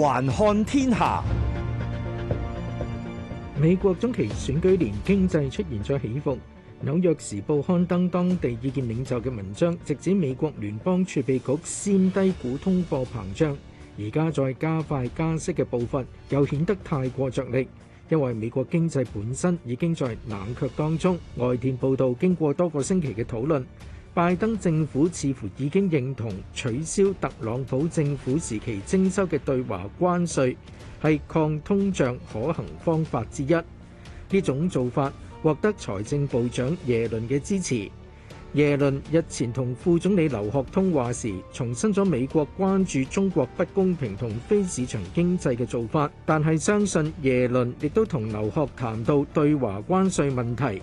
環看天下，美國中期選舉年經濟出現咗起伏。紐約時報刊登當地意見領袖嘅文章，直指美國聯邦儲備局先低估通貨膨脹，而家再加快加息嘅步伐，又顯得太過着力。因為美國經濟本身已經在冷卻當中。外電報道，經過多個星期嘅討論。拜登政府似乎已經認同取消特朗普政府時期徵收嘅對華關稅係抗通脹可行方法之一。呢種做法獲得財政部長耶倫嘅支持。耶倫日前同副總理劉鶴通話時重申咗美國關注中國不公平同非市場經濟嘅做法，但係相信耶倫亦都同劉鶴談到對華關稅問題。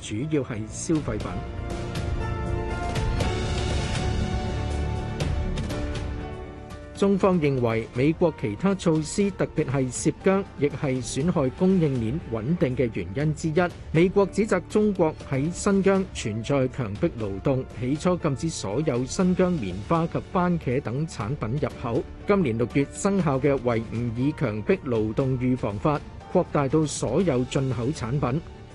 主要係消費品。中方認為美國其他措施，特別係涉疆，亦係損害供應鏈穩定嘅原因之一。美國指責中國喺新疆存在強迫勞動，起初禁止所有新疆棉花及番茄等產品入口。今年六月生效嘅《維吾爾強迫勞動預防法》，擴大到所有進口產品。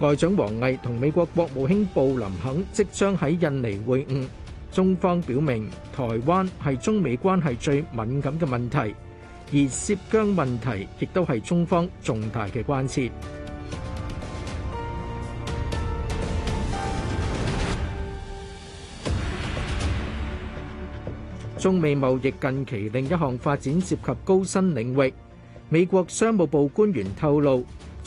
外長王毅同美國國務卿布林肯即將喺印尼會晤，中方表明台灣係中美關係最敏感嘅問題，而涉疆問題亦都係中方重大嘅關切。中美貿易近期另一項發展涉及高新領域，美國商務部官員透露。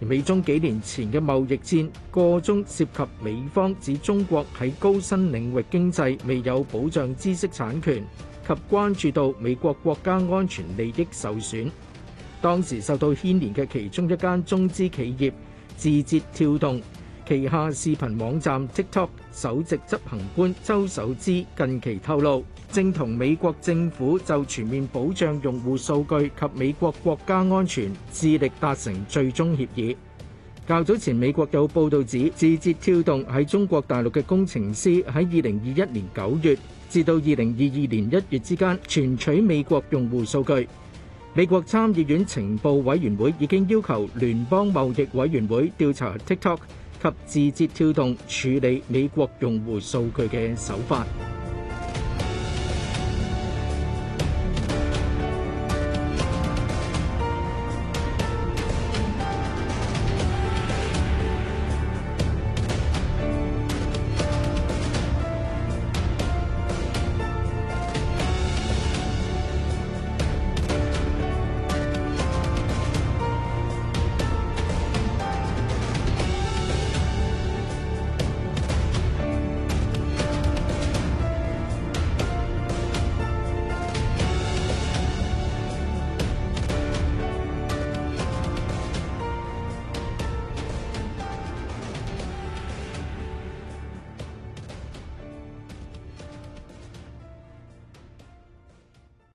而美中幾年前嘅貿易戰，個中涉及美方指中國喺高新領域經濟未有保障知識產權，及關注到美國國家安全利益受損，當時受到牽連嘅其中一間中資企業，字節跳動。旗下視頻網站 TikTok 首席執行官周受資近期透露，正同美國政府就全面保障用戶數據及美國國家安全致力達成最終協議。較早前美國有報道指，字節跳動喺中國大陸嘅工程師喺2021年9月至到2022年1月之間，存取美國用戶數據。美國參議院情報委員會已經要求聯邦貿易委員會調查 TikTok。及字節跳動處理美國用戶數據嘅手法。